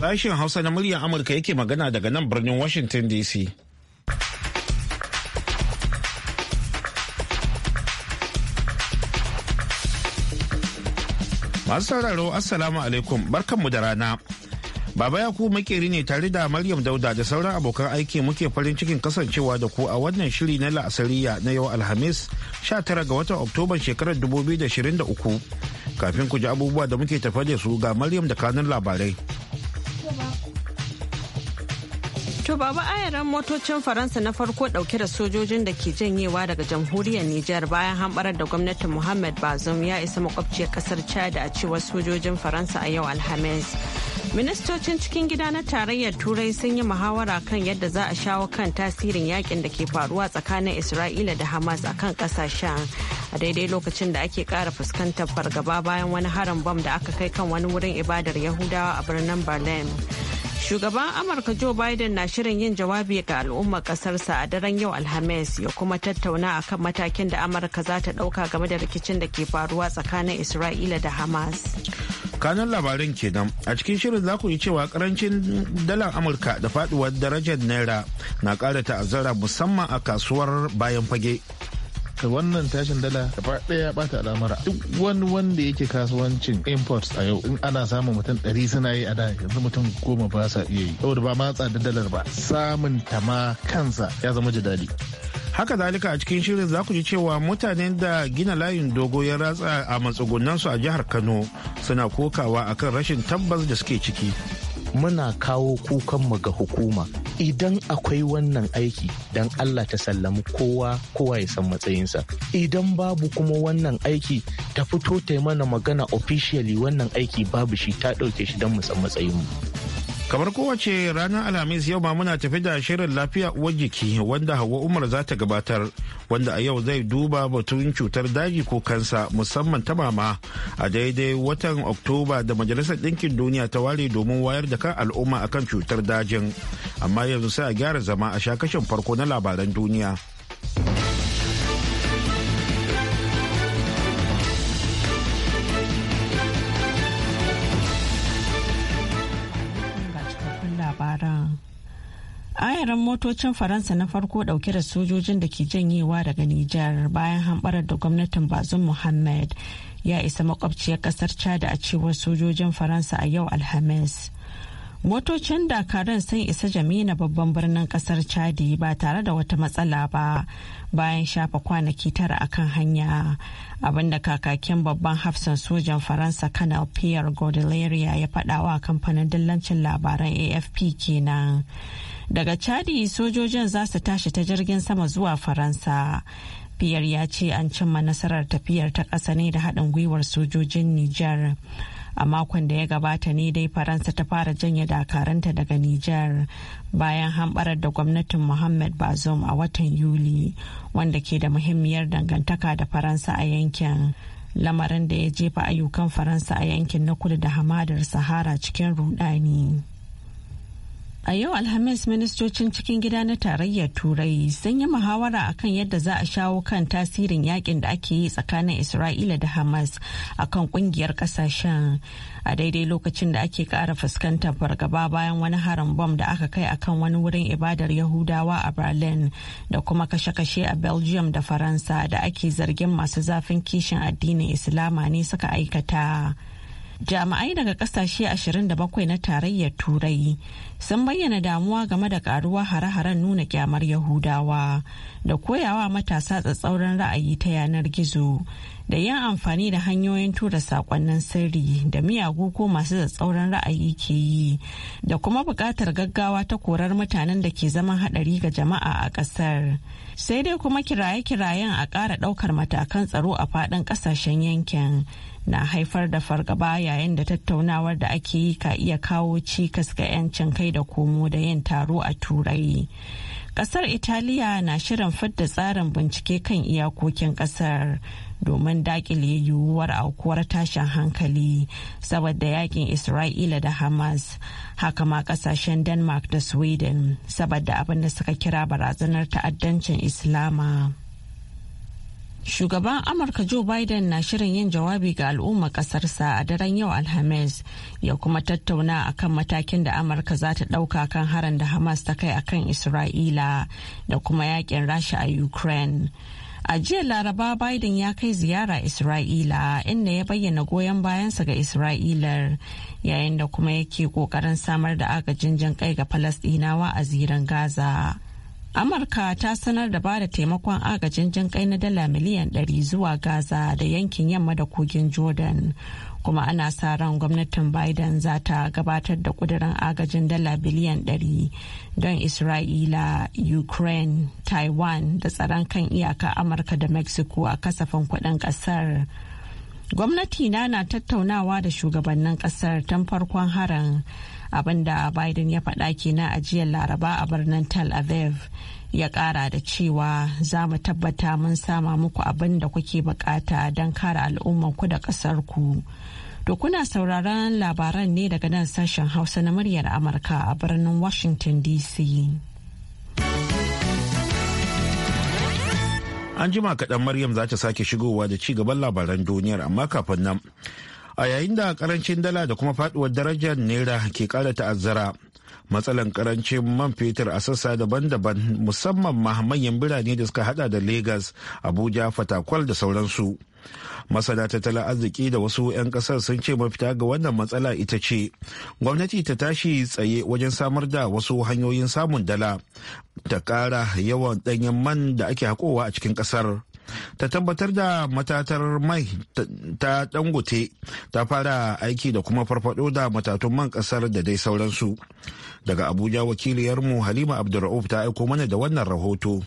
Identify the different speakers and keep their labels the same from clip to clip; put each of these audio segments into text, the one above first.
Speaker 1: Sashen Hausa na muryar Amurka yake magana daga nan birnin Washington DC. Masu sauraro Assalamu alaikum barkanmu da rana. Baba Yakubu makeri ne tare da Maryam Dauda da sauran abokan aiki muke farin cikin kasancewa da ku a wannan shiri na la'asariya na yau Alhamis 19 ga watan oktoba shekarar 2023. Kafin ku ji abubuwa da muke tafa da su ga Maryam da kanun labarai.
Speaker 2: To baba ayaran motocin Faransa na farko dauke da sojojin da ke janyewa daga jamhuriyar Nijar bayan hanbarar da gwamnatin Muhammad bazum ya isa makwabciyar kasar Chad a cewar sojojin Faransa a yau Alhamis. Ministocin cikin gida na tarayyar Turai sun yi muhawara kan yadda za a shawo kan tasirin yakin da ke faruwa tsakanin Isra'ila da Hamas a kan kasashen a daidai lokacin da ake kara fuskantar fargaba bayan wani harin bom da aka kai kan wani wurin ibadar Yahudawa a birnin Berlin. Shugaban Amurka Joe Biden na shirin yin jawabi ga al'ummar kasarsa a daren yau Alhamis ya kuma tattauna a kan matakin da Amurka za ta ɗauka game da rikicin da ke faruwa tsakanin Isra'ila da Hamas.
Speaker 1: Kanun labarin kenan a cikin shirin za ku yi cewa karancin dalar Amurka da faduwar darajar Naira na ƙara ta'azzara musamman
Speaker 3: a kasuwar bayan fage. ka wannan tashin dala gaba ɗaya ya alamara. alamara duk wani wanda yake kasuwancin imports a yau in ana samun mutum ɗari suna yi a da yanzu mutum goma ba sa iya yi saboda ba matsa da dalar ba samun ta ma kansa ya zama dadi haka zalika a cikin shirin za ku ji cewa mutanen da gina layin dogo ya ratsa
Speaker 1: a matsugunan su a jihar kano suna kokawa akan rashin tabbas da suke ciki
Speaker 4: muna kawo kukan mu ga hukuma idan akwai wannan aiki dan Allah ta sallami kowa kowa ya san matsayinsa idan babu kuma wannan aiki ta fito ta mana magana officially wannan aiki babu shi ta ɗauke shi dan mu san matsayinmu
Speaker 1: kamar kowace ranar alhamis yau ma muna tafi da shirin lafiya uwar jiki wanda hawa umar za ta gabatar wanda a yau zai duba batun cutar daji ko kansa musamman ta mama a daidai watan oktoba da majalisar ɗinkin duniya ta ware domin wayar da kan al'umma akan cutar dajin amma yanzu sai a gyara zama a sha shakashin farko na labaran duniya.
Speaker 2: ayaran motocin faransa na farko dauke da sojojin da ke janyewa daga nijar bayan hamɓarar da gwamnatin bazum muhammad ya isa makwabciyar kasar chad a cewar sojojin faransa a yau alhamis motocin dakarun sun isa jamina babban birnin kasar chadi ba tare da wata matsala ba bayan shafa kwanaki tara akan hanya abinda kakakin babban hafsan sojan faransa kanal pierre godelaria ya faɗawa kamfanin dillancin labaran afp kenan daga chadi sojojin za su tashi ta jirgin sama zuwa faransa fiyar ya ce an cimma nasarar tafiyar ta ƙasa ne da haɗin gwiwar sojojin niger a makon da ya gabata ne dai faransa ta fara janye dakaranta daga niger bayan hamɓarar da gwamnatin mohammed bazoum a watan yuli wanda ke da muhimmiyar dangantaka da faransa a yankin lamarin da ya jefa ayyukan faransa a yankin na kudu da hamadar sahara cikin rudani. A yau Alhamis ministocin cikin gida na tarayyar Turai sun yi muhawara akan yadda za a shawo kan tasirin yakin da ake yi tsakanin Isra'ila da Hamas akan kungiyar kasashen a daidai lokacin da ake kara fuskantar fargaba bayan wani harin bom da aka kai akan wani wurin ibadar Yahudawa a Berlin da kuma kashe-kashe a Belgium da Faransa da ake zargin masu zafin kishin addinin Islama ne suka aikata. jami'ai daga kasashe 27 na tarayyar turai sun bayyana damuwa game da karuwa hare-haren nuna kyamar yahudawa da koyawa matasa tsatsauran ra'ayi ta yanar gizo da yin amfani da hanyoyin tura sakonnin sirri da miyagu ko masu tsatsauran ra'ayi ke yi da kuma buƙatar gaggawa ta korar mutanen da ke zama haɗari ga jama'a a ƙasar sai dai kuma kiraye-kirayen a ƙara ɗaukar matakan tsaro a faɗin ƙasashen yankin na haifar da fargaba yayin da tattaunawar da ake yi ka iya kawo cikas ga 'yancin kai da komo da yin taro a turai kasar italiya na shirin fidda tsarin bincike kan iyakokin kasar domin dakile yiwuwar aukuwar tashin hankali saboda yakin isra'ila da hamas haka ma kasashen denmark da sweden saboda abin da suka kira barazanar ta'addancin islama Shugaban Amurka Joe Biden na shirin yin jawabi ga al'umma ƙasarsa a daren yau Alhamis ya kuma tattauna a kan matakin da Amurka za ta ɗauka kan harin da Hamas ta kai kan Isra'ila da kuma yakin Rasha a Ukraine. A jiya Laraba Biden ya kai ziyara Isra'ila inda ya bayyana goyon bayansa ga Isra'ilar yayin da kuma yake ƙoƙarin samar da agajin jin kai ga Falasɗinawa a ziran Gaza. Amurka ta sanar da ba da taimakon agajin jin kai na dala miliyan 100 zuwa Gaza da yankin yamma da kogin Jordan. Kuma ana sa ran gwamnatin Biden za ta gabatar da kudirin agajin dala biliyan 100 don Isra'ila, Ukraine, Taiwan da tsaron kan iyaka Amurka da Mexico a kasafin kudin kasar. gwamnati na na tattaunawa da shugabannin kasar tun farkon harin abinda biden ya faɗa kenan a jiya laraba a birnin tel aviv ya ƙara da cewa za mu tabbata mun sama muku abin da kuke bukata don kare al'ummanku da ƙasarku to kuna sauraron labaran ne daga nan sashen hausa na muryar amurka a birnin washington dc
Speaker 1: An jima kaɗan Maryam za ta sake shigowa da ci gaban labaran duniyar amma kafin nan. A yayin da karancin dala da kuma faduwar darajar naira ke kara ta'azzara. Matsalan karancin man fetur a sassa daban-daban musamman ma manyan birane da suka hada da Legas, Abuja, Fatakwal da sauransu. masana tattalin arziki da wasu 'yan kasar sun ce mafita ga wannan matsala ita ce gwamnati ta tashi tsaye wajen samar da wasu hanyoyin samun dala ta kara yawan ɗanyen man da ake haƙowa a cikin ƙasar ta tabbatar da matatar mai ta dangote ta fara aiki da kuma farfado da matatun man ƙasar da dai sauransu daga abuja wakiliyarmu halima abdulra'uf ta aiko mana da wannan rahoto.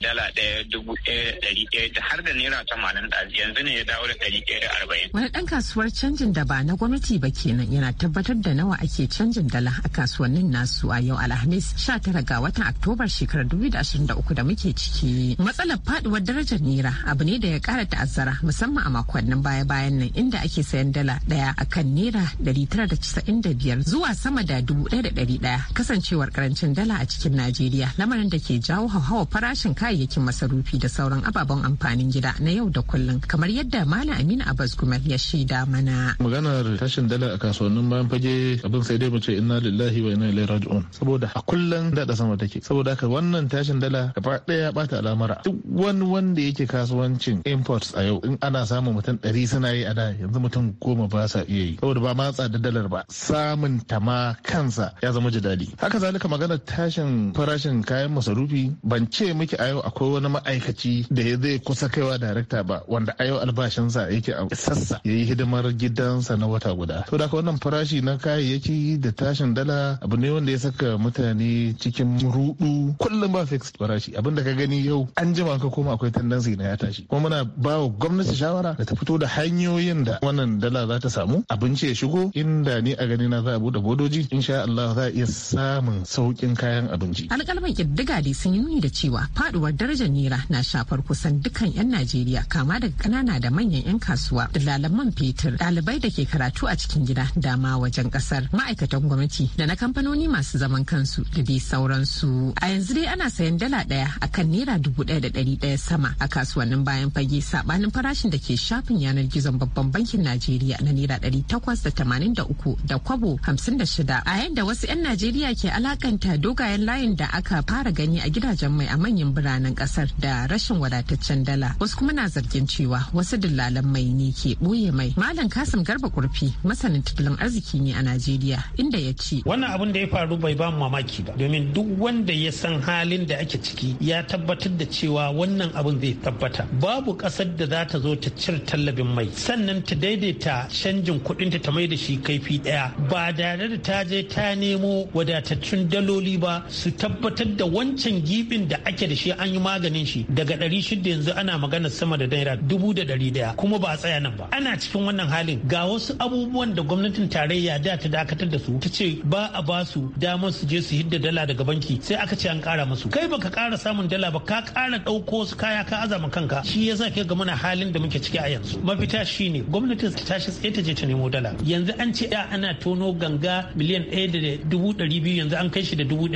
Speaker 5: dala ɗaya dubu ɗaya ɗari ɗaya da har da naira tamanin ɗari yanzu ne ya dawo da ɗari ɗaya da arba'in.
Speaker 6: Wani ɗan kasuwar canjin da ba na gwamnati ba kenan yana tabbatar da nawa ake canjin dala a kasuwannin nasu a yau Alhamis sha tara ga watan Oktobar shekarar dubu da ashirin da uku da muke ciki. Matsalar faɗuwar darajar naira abu ne da ya ƙara ta'azzara musamman a makonnin baya-bayan nan inda ake sayan dala ɗaya akan naira ɗari tara da casa'in da biyar zuwa sama da dubu ɗaya da ɗari ɗaya kasancewar ƙarancin dala a cikin Najeriya lamarin da ke jawo hauhawar farashin kayan kayayyakin masarufi da sauran ababen amfanin gida na yau da kullum kamar yadda Malam Aminu Abbas Gumel ya shaida mana.
Speaker 3: Maganar tashin dala a kasuwannin bayan fage abin sai dai mu ce inna lillahi wa inna ilaihi raji'un saboda a kullum da sama take saboda haka wannan tashin dala gaba daya bata al'amara duk wani wanda yake kasuwancin imports a yau in ana samun mutum ɗari suna yi a da yanzu mutum goma ba sa iya yi saboda ba ma tsada dalar ba samun ta ma kansa ya zama jidali haka zalika maganar tashin farashin kayan masarufi ban ce miki a yau akwai wani ma'aikaci da ya zai kusa kaiwa darakta ba wanda a yau albashinsa yake a sassa ya yi hidimar gidansa na wata guda to da wannan farashi na kayayyaki da tashin dala abu ne wanda ya saka mutane cikin rudu kullum ba fixed farashi abin da ka gani yau an jima ka koma akwai tendency na ya tashi kuma muna ba wa gwamnati shawara da ta fito da hanyoyin da wannan dala za ta samu abinci ya shigo inda ni a gani na za a bude bodoji insha Allah za a iya samun saukin kayan abinci
Speaker 6: alƙalman diga da sun yi nuni da cewa faduwar hauhawar darajar naira na shafar kusan dukkan 'yan Najeriya kama daga ƙanana da manyan 'yan kasuwa da man fetur ɗalibai da ke karatu a cikin gida dama wajen ƙasar ma'aikatan gwamnati da na kamfanoni masu zaman kansu da dai sauransu. A yanzu dai ana sayan dala ɗaya akan naira dubu ɗaya da ɗari ɗaya sama a kasuwannin bayan fage saɓanin farashin da ke shafin yanar gizon babban bankin Najeriya na naira ɗari takwas da tamanin da uku da kwabo hamsin da shida a yadda wasu 'yan Najeriya ke alakanta dogayen layin da aka fara gani a gidajen mai a manyan birane. mutanen kasar da rashin wadataccen dala wasu kuma na zargin cewa wasu dillalan mai ne ke ɓoye mai malam kasim garba kurfi masanin tattalin arziki ne a najeriya inda ya ce
Speaker 7: wannan abin da ya faru bai ba mamaki ba domin duk wanda ya san halin da ake ciki ya tabbatar da cewa wannan abin zai tabbata babu ƙasar da za ta zo ta cire tallabin mai sannan ta daidaita canjin kuɗinta ta mai da shi kaifi ɗaya ba dare da ta je ta nemo wadatattun daloli ba su tabbatar da wancan gibin da ake da shi an yi maganin shi daga ɗari shida yanzu ana magana sama da naira dubu da ɗari daya kuma ba a tsaya nan ba ana cikin wannan halin ga wasu abubuwan da gwamnatin tarayya da ta dakatar da su ta ce ba a ba su damar su je su hidda dala daga banki sai aka ce an kara musu kai baka kara samun dala ba ka kara ɗauko su kaya ka azama kanka shi yasa ke ga muna halin da muke ciki a yanzu mafita shi shine gwamnati ta tashi tsaye ta je ta nemo dala yanzu an ce ya ana tono ganga miliyan ɗaya da 200 yanzu an kai shi da dubu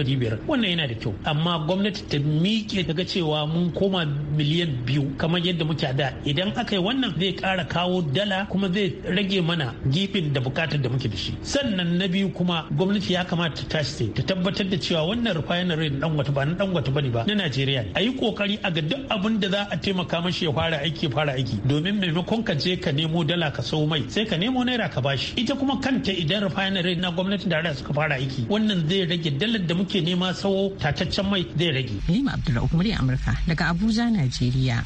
Speaker 7: wannan yana da kyau amma gwamnati ta miƙe ga cewa mun koma miliyan biyu kamar yadda muke da idan aka yi wannan zai kara kawo dala kuma zai rage mana gifin da bukatar da muke da shi sannan na biyu kuma gwamnati ya kamata ta tashi ta tabbatar da cewa wannan refinery na dangwata ba na dangwata bane ba na Najeriya ne a yi kokari a ga duk abin da za a taimaka mashi ya fara aiki fara aiki domin maimakon ka je ka nemo dala ka sau mai sai ka nemo naira ka bashi ita kuma kanta idan refinery na gwamnati da suka fara aiki wannan zai rage dalar da muke nema sau tataccen mai zai rage Halima Abdullahi murya Amurka daga Abuja, Najeriya.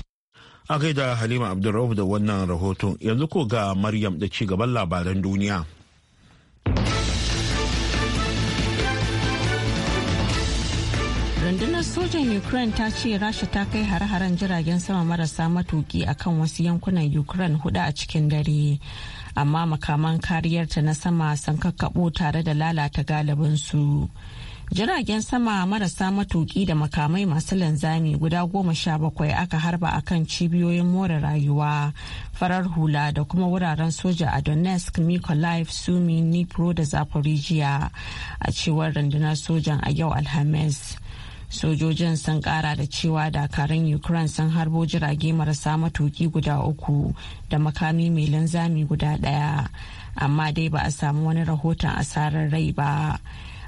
Speaker 1: A gaida Halima Abdulrauf da wannan rahoton yanzu ko ga Maryam da ci gaban labaran duniya.
Speaker 2: rundunar sojan ukraine ta ce rasha ta kai hare-haren jiragen sama marasa matuki a kan wasu yankunan ukraine hudu a cikin dare amma makaman kariyarta na sama sun kakkaɓo tare da lalata galibinsu. su jiragen sama marasa matuki da makamai masu linzami guda goma sha bakwai aka harba a kan cibiyoyin more rayuwa farar hula da kuma wuraren soja a donetsk mykolaiv sumi nipro da zaporijiya a cewar rundunar sojan a yau alhamis sojojin sun kara da cewa dakarun ukraine sun harbo jirage marasa matuki guda uku da makami mai linzami guda daya amma dai ba a samu wani rahoton asarar rai ba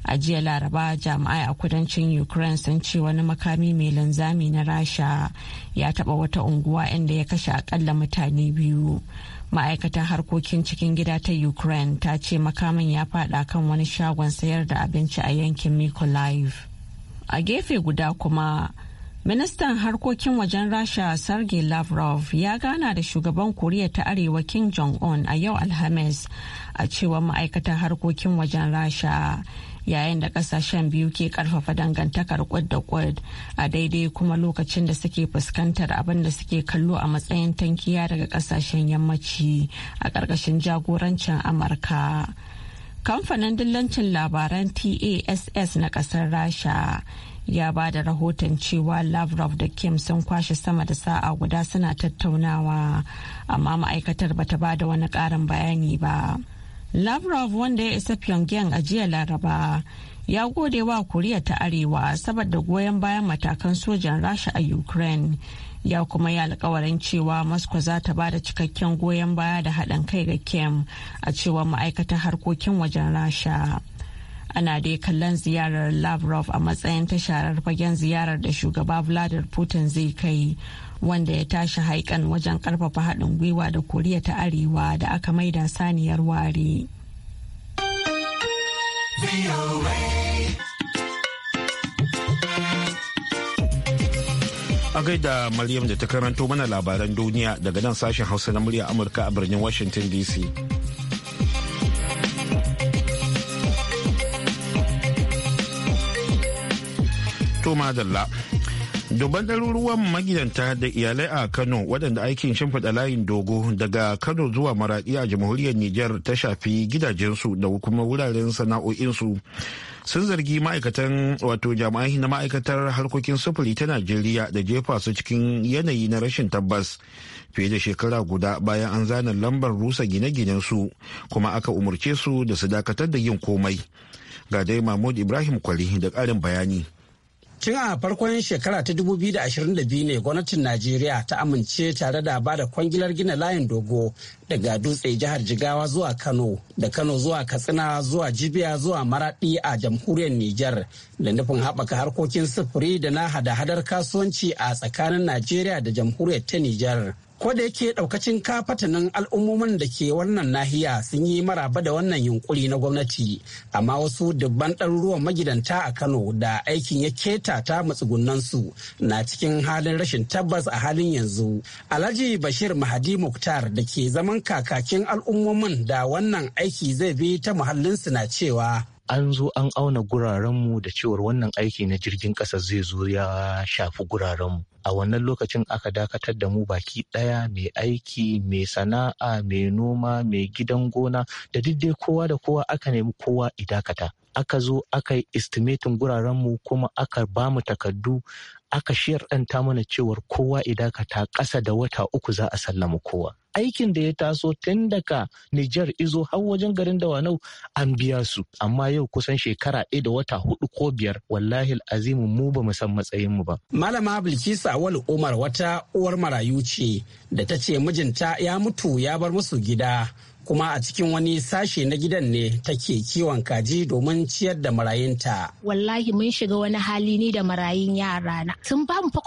Speaker 2: a jiya laraba jami'ai a kudancin ukraine sun ce wani makami mai linzami na rasha ya taba wata unguwa inda ya kashe akalla mutane biyu ma'aikatar harkokin cikin gida ta ukraine ta ce makamin ya fada kan wani shagon sayar da abinci a yankin mikolaiv a gefe guda kuma ministan harkokin wajen rasha sergei lavrov ya gana da shugaban koriya ta arewa king jong-un a yau alhamis a cewa ma'aikatan harkokin wajen rasha yayin da kasashen biyu ke karfafa dangantakar kwad da kwad a daidai kuma lokacin da suke fuskantar abin da suke kallo a matsayin tankiya daga kasashen yammaci a ƙarƙashin jagorancin amurka kamfanin dillancin labaran tass na ƙasar rasha ya ba da rahoton cewa lavrov da kim sun kwashe sama da sa'a guda suna tattaunawa amma ma'aikatar bata ba da wani ƙarin bayani ba. Lavrov wanda ya isa Pyongyang a jiya Laraba ya gode wa Koriya ta Arewa saboda goyon bayan matakan sojan Rasha a Ukraine. Ya kuma yi alkawarin cewa Moscow za ta ba da cikakken goyon baya da haɗin kai ga Kim a cewar ma'aikatan harkokin wajen Rasha. ana dai kallon ziyarar lavrov a matsayin tasharar fagen ziyarar da shugaba vladimir putin zai kai wanda ya tashi haikan wajen karfafa haɗin gwiwa da koriya ta arewa da aka maida saniyar ware.
Speaker 1: a gaida Maryam da ta karanto mana labaran duniya daga nan sashen Hausa na murya Amurka a birnin Washington DC. To madalla. Dubban ɗaruruwan magidanta da iyalai a Kano waɗanda aikin shimfiɗa layin dogo daga Kano zuwa Maraɗi a jamhuriyar Nijar ta shafi gidajensu da kuma wuraren sana'o'insu. Sun zargi ma'aikatan wato jami'ai na ma'aikatar harkokin sufuri ta Najeriya da jefa su cikin yanayi na rashin tabbas fiye da shekara guda bayan an zana lambar rusa gine-ginensu kuma aka umarce su da su dakatar da yin komai. Ga dai Mahmud Ibrahim Kwali da ƙarin bayani. Tun a farkon shekara ta 2022
Speaker 8: ne gwamnatin Najeriya ta amince tare da bada kwangilar gina layin dogo daga dutse jihar Jigawa zuwa Kano, da Kano zuwa Katsina zuwa Jibiya zuwa Maradi a jamhuriyar Nijar, da nufin haɓaka harkokin sufuri da na hada-hadar kasuwanci a tsakanin Najeriya da jamhuriyar ta Nijar. ko da yake daukacin kafatanin al'ummomin da ke wannan nahiya sun yi maraba da wannan yunkuri na gwamnati amma wasu dubban ɗaruruwan magidanta a kano da aikin ya keta ta matsugunansu na cikin halin rashin tabbas a halin yanzu alhaji bashir mahadi muktar da ke zaman kakakin al'ummomin da wannan aiki zai bi ta muhallinsu na cewa
Speaker 4: an zo an auna gurarenmu da cewar wannan aiki na jirgin ƙasa zai zo ya shafi gurarenmu a wannan lokacin aka dakatar da mu baki ɗaya mai aiki mai sana'a mai noma mai gidan gona da dai kowa da kowa aka nemi kowa idakata aka zo aka yi estimatin gurarenmu kuma aka ba mu takardu aka shiyar mana cewar kowa idakata ƙasa da wata uku za a sallama kowa aikin da ya taso tun daga Nijar izo har wajen garin Dawanau an biya su amma yau kusan shekara ɗaya da wata hudu ko biyar wallahi azimu mu ba mu san matsayin mu ba.
Speaker 8: Malama Bilkisu Awal Umar wata uwar marayu ce da ta ce mijinta ya mutu ya bar musu gida kuma a cikin wani sashe na gidan ne take kiwon kaji domin ciyar da marayunta.
Speaker 9: Wallahi mun shiga wani hali ni da marayun yara na. Sun ba mu fa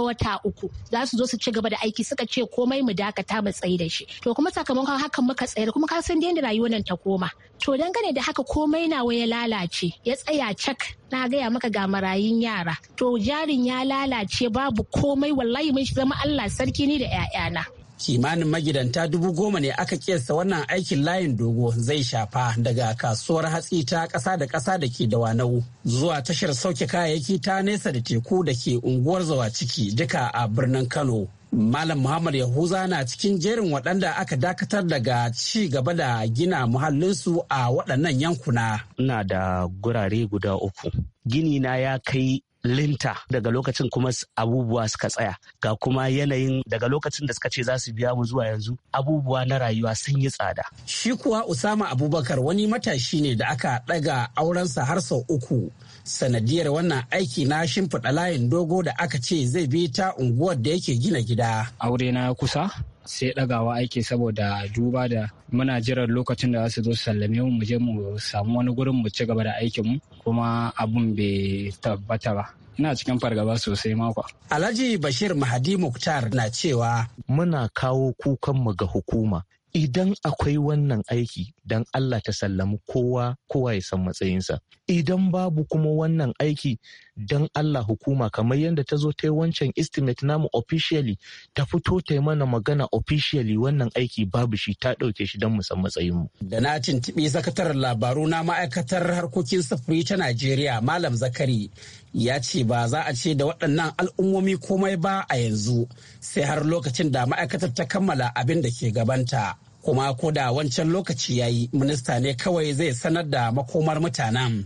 Speaker 9: wata uku za su zo su ci gaba da aiki suka ce komai mu dakata mu tsayi da shi. To kuma sakamakon hakan muka tsayar kuma ka san yadda rayuwar nan ta koma. To dangane da haka komai nawa ya lalace ya tsaya cak na gaya maka ga marayun yara. To jarin ya lalace babu komai wallahi mun shi zama Allah sarki ni da 'ya'yana.
Speaker 8: kimanin magidanta dubu goma ne aka kesa wannan aikin layin dogo zai shafa daga kasuwar hatsi ta ƙasa da ƙasa da ke da wanau zuwa tashar sauke kayayyaki ta nesa da teku da ke unguwar zawa ciki duka a birnin kano Malam Muhammad Yahuza na cikin jerin waɗanda aka dakatar daga ci gaba da gina muhallinsu a waɗannan yankuna.
Speaker 4: Ina da
Speaker 8: gurare
Speaker 4: guda uku. Gini na ya kai linta daga lokacin kuma abubuwa suka tsaya ga kuma yanayin daga lokacin da suka ce za su biya mu zuwa yanzu abubuwa na rayuwa
Speaker 8: sun yi tsada. Shi kuwa Usama Abubakar wani matashi ne da aka ɗaga aurensa har sau uku sanadiyar wannan aiki na shimfiɗa layin dogo da aka ce zai bi ta unguwar da yake gina gida. Aure na kusa sai ɗagawa aiki saboda duba da muna jiran lokacin da za su zo su sallame mu mu je mu samu wani gurin mu ci gaba da aikin mu kuma abun bai tabbata ba ina cikin fargaba sosai makwa. Alhaji
Speaker 4: Bashir Mahadi Muktar na cewa muna kawo kukan mu ga hukuma idan akwai wannan aiki don Allah ta sallamu kowa kowa ya san matsayinsa idan babu kuma wannan aiki don Allah hukuma kamar yadda ta zo ta yi wancan estimate namu officially ta fito ta yi mana magana officially wannan aiki babu shi ta ɗauke shi don musan mu.
Speaker 8: Da na tuntuɓi sakataren labaru na ma'aikatar harkokin sufuri ta Najeriya Malam Zakari ya ce ba za a ce da waɗannan al'ummomi komai ba a yanzu sai har lokacin da ma'aikatar ta kammala abin da ke gabanta. Kuma ko da wancan lokaci ya yi minista ne kawai zai sanar da makomar mutanen.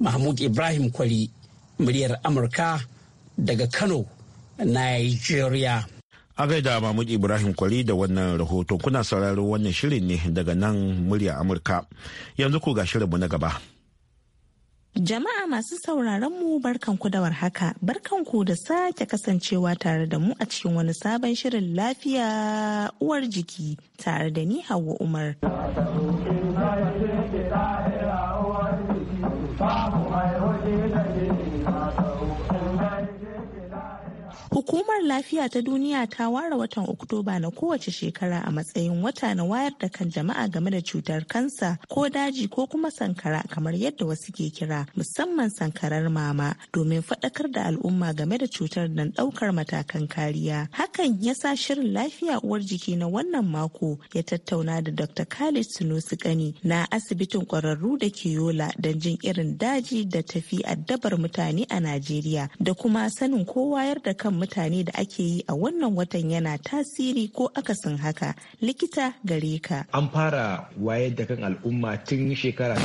Speaker 8: mahmud ibrahim kwari muryar amurka daga kano
Speaker 1: nigeria a gaida mahmud ibrahim kwari da wannan rahoton kuna sauraro wannan shirin ne daga nan murya amurka yanzu ku ga shirinmu na gaba
Speaker 9: Jama'a masu sauraron mu barkanku da warhaka, barkanku da sake kasancewa tare da mu a cikin wani sabon shirin lafiya uwar jiki tare da ni Hauwa Umar. Hukumar Lafiya ta Duniya ta ware watan Oktoba na kowace shekara a matsayin wata na wayar da kan jama'a game da cutar kansa ko daji ko kuma sankara kamar yadda wasu ke kira musamman sankarar mama domin faɗakar da al'umma game da cutar don ɗaukar matakan kariya. Hakan ya sa shirin lafiya uwar jiki na wannan mako ya tattauna da Dr. Khalid Sunusi Kani na asibitin ƙwararru da ke Yola don jin irin daji da tafi addabar mutane a Najeriya da kuma sanin ko wayar da kan mutane da ake yi a wannan watan yana tasiri ko akasin haka likita gare ka.
Speaker 5: An fara wayar da kan al'umma tun shekara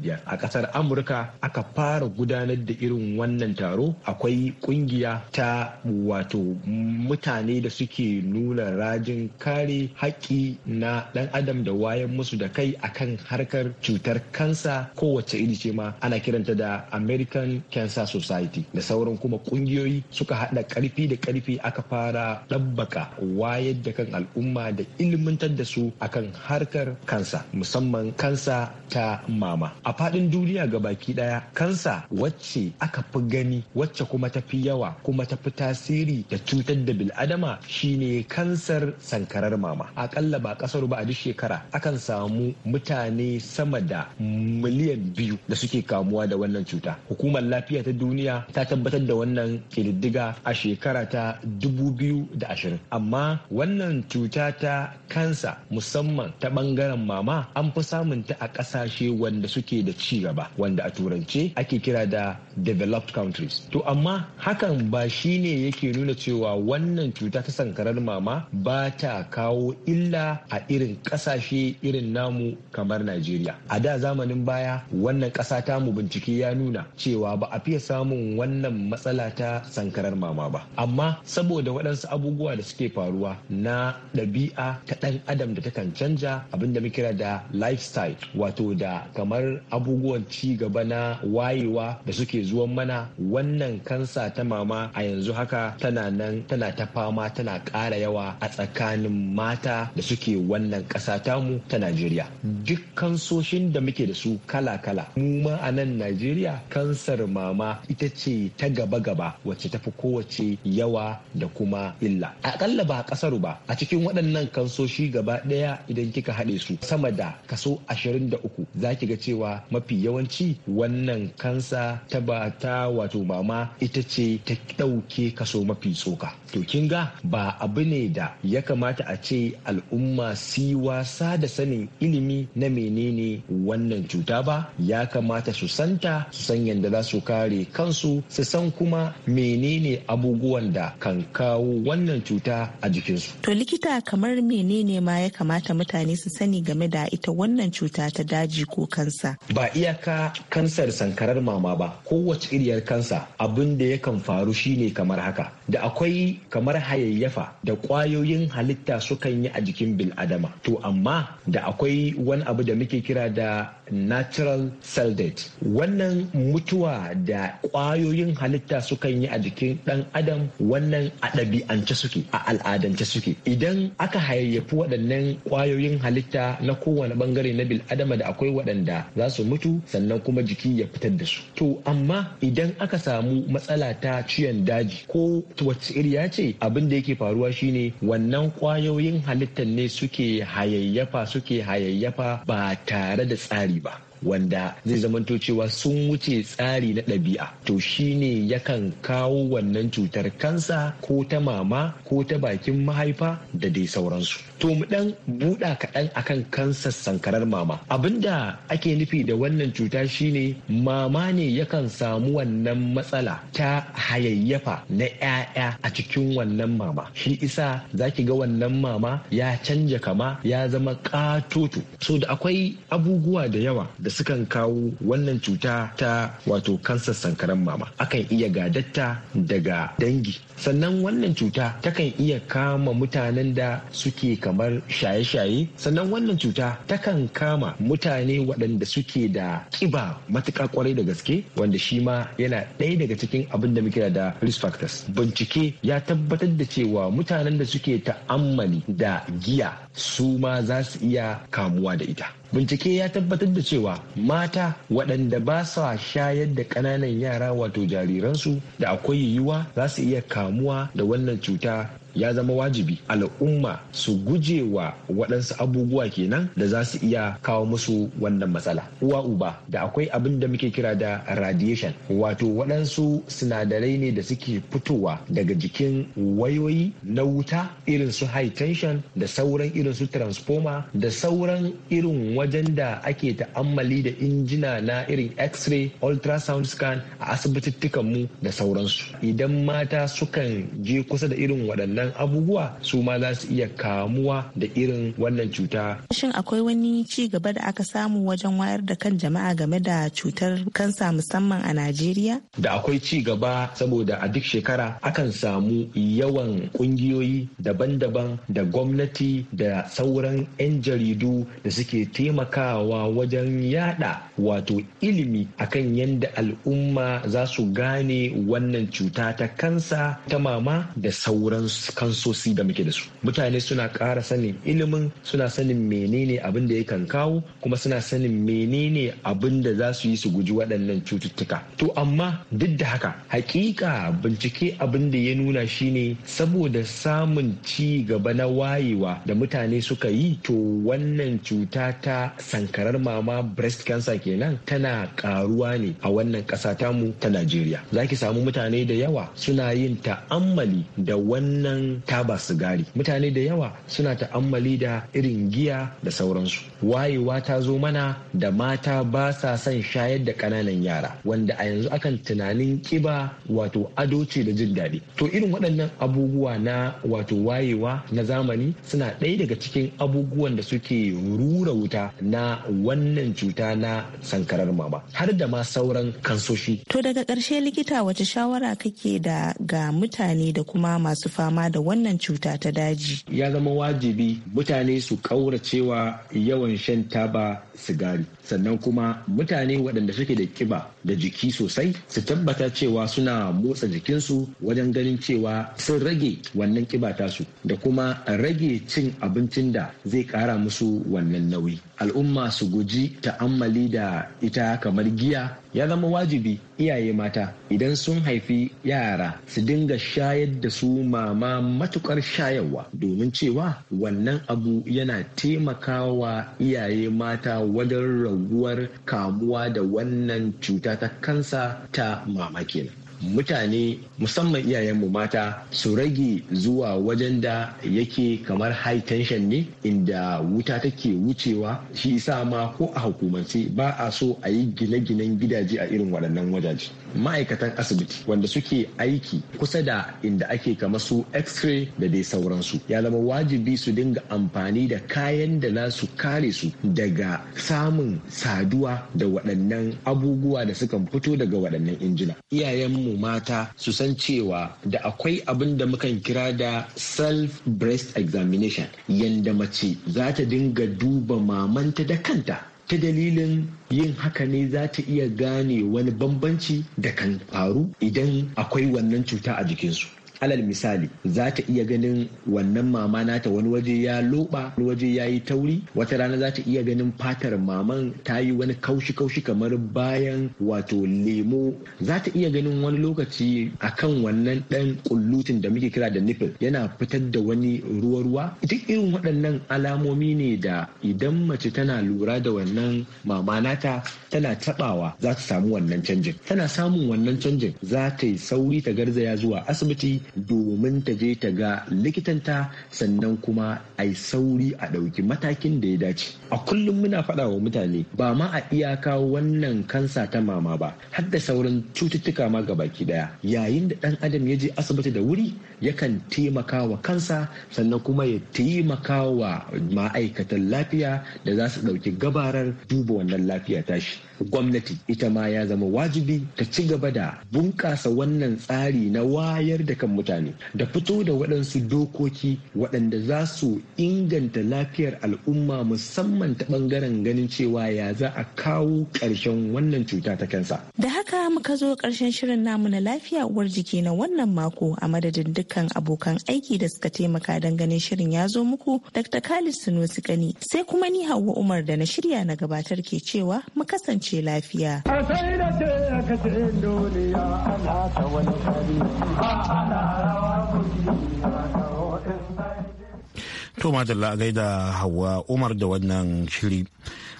Speaker 5: biyar a ƙasar Amurka aka fara gudanar da irin wannan taro akwai ƙungiya ta wato mutane da suke nuna rajin kare haƙƙi na ɗan adam da wayan musu da kai akan harkar cutar kansa kowace iri ce ma ana kiranta da American Cancer Society da sauran sauran kuma kungiyoyi suka haɗa ƙarfi da karfi aka fara ɗabbaka wayar da kan al'umma da ilmantar da su akan harkar kansa musamman kansa ta mama a faɗin duniya ga baki ɗaya kansa wacce aka fi gani wacce kuma ta fi yawa kuma ta fi tasiri da cutar da bil'adama shine kansar sankarar mama akalla ba ƙasar ba a duk shekara akan samu mutane sama da miliyan biyu da suke kamuwa da wannan cuta hukumar lafiya ta duniya ta tabbatar tabbatar da wannan kididdiga a shekara ta 2020 amma wannan cuta ta kansa musamman ta bangaren mama an fi samun ta a kasashe wanda suke da ci gaba wanda a turance ake kira da developed countries to amma hakan ba shine yake nuna cewa wannan cuta ta sankarar mama ba ta kawo illa a irin kasashe irin namu kamar Najeriya a da zamanin baya wannan kasa ta mu bincike ya nuna cewa ba a fiye samun wannan matsala ta sankarar mama ba amma saboda waɗansu abubuwa da suke faruwa na ɗabi'a ta ɗan adam da takan canja abin da kira da lifestyle wato da kamar abubuwan ci gaba na wayewa da suke zuwan mana wannan kansa ta mama a yanzu haka tana nan tana ta fama tana ƙara yawa a tsakanin mata da suke wannan ƙasa mu ta Najeriya. Duk kansoshin da muke da su kala-kala. Mu ma a nan Najeriya kansar mama ita ce ta gaba-gaba wacce tafi kowace yawa da kuma illa akalla ba kasaru ba a cikin waɗannan kansoshi gaba ɗaya idan kika haɗe su sama da kaso 23 za ki ga cewa mafi yawanci wannan kansa ta ba ta wato mama ita ce ta ɗauke kaso mafi tsoka to kin ga ba abu ne da ya kamata a ce al'umma si wasa da sanin ilimi na menene wannan cuta ba ya kamata su santa su san yadda za su kare kansu su san kuma menene abubuwan da kan kawo wannan cuta a jikinsu.
Speaker 9: To likita kamar menene ma ya kamata mutane su sani game da ita wannan cuta ta daji ko kansa?
Speaker 5: Ba iyaka kansar sankarar mama ba kowace iriyar kansa abin da yakan faru shine kamar haka da akwai kamar hayayyafa da kwayoyin halitta sukan yi a jikin bil'adama to amma da akwai wani abu da muke kira da natural cell death wannan mutuwa da ƙwayoyin halitta sukan yi a jikin ɗan adam wannan a ɗabi'ance suke a al'adance suke idan aka hayayyafi waɗannan ƙwayoyin halitta na kowane bangare na bil adama da akwai waɗanda za su mutu sannan kuma jiki ya fitar da su to amma idan aka samu matsala ta ciyan daji ko wacce iriya ce abin da yake faruwa shine wannan kwayoyin halittan ne suke hayayyafa suke hayayyafa ba tare da tsari viva. wanda zai zamanto cewa sun wuce tsari na ɗabi'a to shine yakan kawo wannan cutar kansa ko ta mama ko ta bakin mahaifa da dai sauransu to mu dan buɗa kaɗan akan kansar sankarar mama abinda ake nufi da wannan cuta shine mama ne yakan samu wannan matsala ta hayayyafa na 'ya'ya a cikin wannan mama shi isa za ki ga wannan mama ya canja kama ya zama ƙatoto. so da akwai abubuwa da yawa da da sukan kawo wannan cuta ta wato kansar sankaran mama akan iya gadatta daga dangi sannan wannan cuta takan iya kama mutanen da suke kamar shaye-shaye sannan wannan cuta takan kama mutane waɗanda suke da ƙiba matuƙa kwarai da gaske wanda shi ma yana ɗaya daga cikin abin da muke da risk factors bincike ya tabbatar da cewa mutanen da suke ta'ammali da giya su ma za su iya kamuwa da ita bincike ya tabbatar da cewa mata waɗanda ba sa shayar da ƙananan yara wato jariransu da akwai yiwuwa za su iya kamuwa da wannan cuta ya zama wajibi al'umma su guje wa waɗansu abubuwa kenan da za su iya kawo musu wannan matsala uwa uba da akwai abin da muke kira da radiation wato waɗansu sinadarai ne da suke fitowa daga jikin wayoyi na wuta irin su high tension da sauran irin su transformer da sauran irin wajen da ake ta'ammali da injina na irin x-ray ultrasound scan a asibitittukan mu da sauransu idan mata sukan je kusa da irin waɗannan waɗannan abubuwa su ma za su iya kamuwa da irin wannan cuta.
Speaker 9: Shin akwai wani ci gaba da aka samu wajen wayar da kan jama'a game da cutar kansa musamman a Najeriya?
Speaker 5: Da akwai ci gaba saboda a duk shekara akan samu yawan ƙungiyoyi daban-daban da gwamnati da sauran 'yan jaridu da suke taimakawa wajen yada wato ilimi akan yadda al'umma za su gane wannan cuta ta kansa ta mama da sauransu. kansosi da muke da su mutane suna ƙara sanin ilimin suna sanin menene abin da yakan kawo kuma suna sanin menene abin da za su yi su guji waɗannan cututtuka to amma duk da haka hakika bincike abin da ya nuna shine saboda samun ci gaba na wayewa da mutane suka yi to wannan cuta ta sankarar mama breast cancer kenan tana karuwa ne a wannan ƙasa mu ta najeriya za ki samu mutane da yawa suna yin ta'ammali da wannan shan taba sigari mutane da yawa suna ta'ammali da irin giya da sauransu wayewa ta zo mana da mata ba sa son shayar da ƙananan yara wanda a yanzu akan tunanin kiba wato ado ce da jin daɗi to irin waɗannan abubuwa na wato wayewa na zamani suna ɗaya daga cikin abubuwan da suke rura wuta na wannan cuta na sankarar mama har da ma sauran kansoshi
Speaker 9: to daga ƙarshe likita wace shawara kake da ga mutane da kuma masu fama da wannan cuta ta daji.
Speaker 5: Ya zama wajibi mutane su ƙauracewa yawan shan taba sigari. Sannan kuma mutane waɗanda suke da kiba da jiki sosai su tabbata cewa suna motsa jikinsu wajen ganin cewa sun rage wannan kiba tasu da kuma rage cin abincin da zai ƙara musu wannan nauyi. Al'umma su guji ta'ammali da ita kamar giya ya zama wajibi iyaye mata idan sun haifi yara su dinga shayar da su mama matukar shayarwa domin cewa wannan abu yana taimakawa iyaye mata wajen raguwar kamuwa da wannan cuta ta kansa ta mamakin mutane musamman iyayenmu mata su rage zuwa wajen da yake kamar high tension ne inda wuta take wucewa shi isa ma ko a hukumance ba a so a yi gine-ginen gidaje a irin waɗannan wajaje ma'aikatan asibiti wanda suke aiki kusa da inda ake kama su x-ray da dai sauransu ya zama wajibi su dinga amfani da kayan da za su kare su daga samun saduwa da waɗannan abubuwa da sukan fito daga waɗannan injina iyayenmu mata su san cewa da akwai abin da mukan kira da self breast examination yanda mace za ta dinga duba mamanta da kanta ta dalilin yin haka ne za ta iya gane wani bambanci da kan faru idan akwai wannan cuta a jikinsu alal misali za ta iya ganin wannan mama nata wani waje ya loba wani waje ya yi tauri wata rana za ta iya ganin fatar maman ta yi wani kaushi kaushi kamar bayan wato lemo za ta iya ganin wani lokaci akan wannan dan kullutin da muke kira da nipple yana fitar da wani ruwa ruwa duk irin waɗannan alamomi ne da idan mace tana lura da wannan mama nata tana tabawa za ta samu wannan canjin tana samun wannan canjin za ta yi sauri ta garzaya zuwa asibiti domin ta je ta ga likitanta sannan kuma a yi sauri a ɗauki matakin da ya dace a kullum muna faɗa wa mutane ba ma a iyaka wannan kansa ta mama ba har da sauran cututtuka ma ga baki ɗaya. yayin da ɗan adam ya je asibiti da wuri yakan taimakawa kansa sannan kuma ya taimaka wa ma'aikatan lafiya da za su ɗauki gabarar duba wannan lafiya tashi gwamnati ita ma ya zama wajibi ta ci gaba da bunƙasa wannan tsari na wayar da kan mutane da fito da waɗansu dokoki waɗanda za su inganta lafiyar al'umma musamman ta ɓangaren ganin cewa ya za a kawo ƙarshen wannan cuta ta kansa.
Speaker 9: Da haka muka zo ƙarshen shirin namu na lafiya uwar jiki na wannan mako a madadin dukkan abokan aiki da suka taimaka don ganin shirin ya zo muku Dr. Khalid Sunusi Kani sai kuma ni Hauwa Umar da na shirya na gabatar ke cewa mu kasance
Speaker 1: lafiya.
Speaker 7: A sai da ce ka ce duniya ana ta wani kari.
Speaker 1: To madalla a gaida Hauwa Umar da wannan shiri.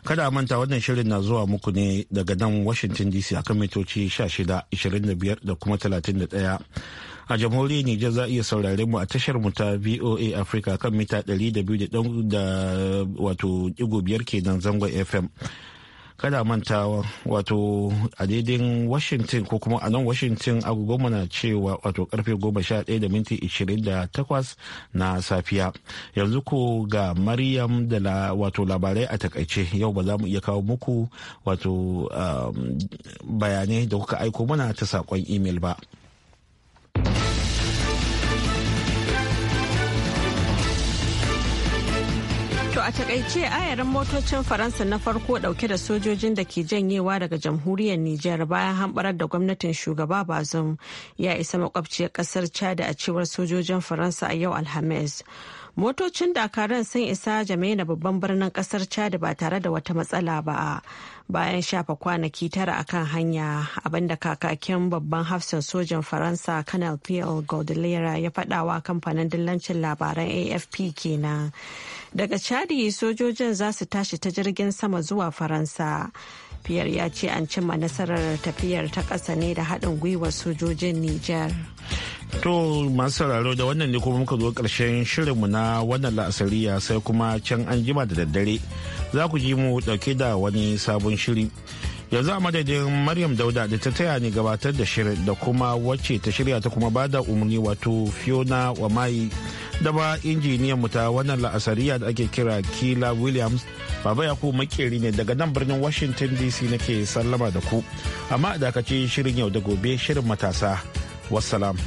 Speaker 1: Kada a manta wannan shirin na zuwa muku ne daga nan Washington DC akan mitoci 16, 25 da kuma 31. a jamhuriyar Nijar za a iya saurare mu a tashar mu ta VOA Africa kan mita 200 kenan zangon FM. kada manta wato a daidin washington ko kuma a nan washington agogonmu na cewa wato karfe ɗaya da minti takwas na safiya yanzu ko ga maryam da wato labarai a takaice yau ba za mu iya kawo muku wato um, bayanai da kuka aiko mana ta saƙon imel ba.
Speaker 2: To a takaice ayarin motocin Faransa na farko dauke da sojojin da ke janyewa daga jamhuriyar Nijar bayan hamɓarar da gwamnatin shugaba Bazoum ya isa makwabciyar kasar Chad a cewar sojojin Faransa a yau Alhamis. Motocin dakaran sun isa na babban birnin kasar Chad ba tare da wata matsala ba bayan shafa kwanaki tara akan hanya abinda kakakin babban hafsan sojan Faransa Colonel Pierre Goudeliera ya faɗawa kamfanin dillancin labaran AFP kenan. daga chadi sojojin za su tashi ta jirgin sama zuwa faransa fiyar ya ce an cimma nasarar tafiyar ta ƙasa ne da haɗin gwiwar sojojin niger.
Speaker 1: To masu sauraro da wannan ne kuma muka zo ƙarshen shirinmu na wannan la'asariya sai kuma can an jima da daddare za ku ji mu ɗauke da wani sabon shiri. yanzu a madadin maryam dauda da ta taya ni gabatar da shirin da kuma wacce ta shirya ta kuma bada umarni wato fiona wa mai da ba injiniyan mu ta wannan la'asariya da ake kira kila williams baba yaku makeri ne daga nan birnin washington dc nake sallama da ku amma a shirin yau da gobe shirin matasa wassalam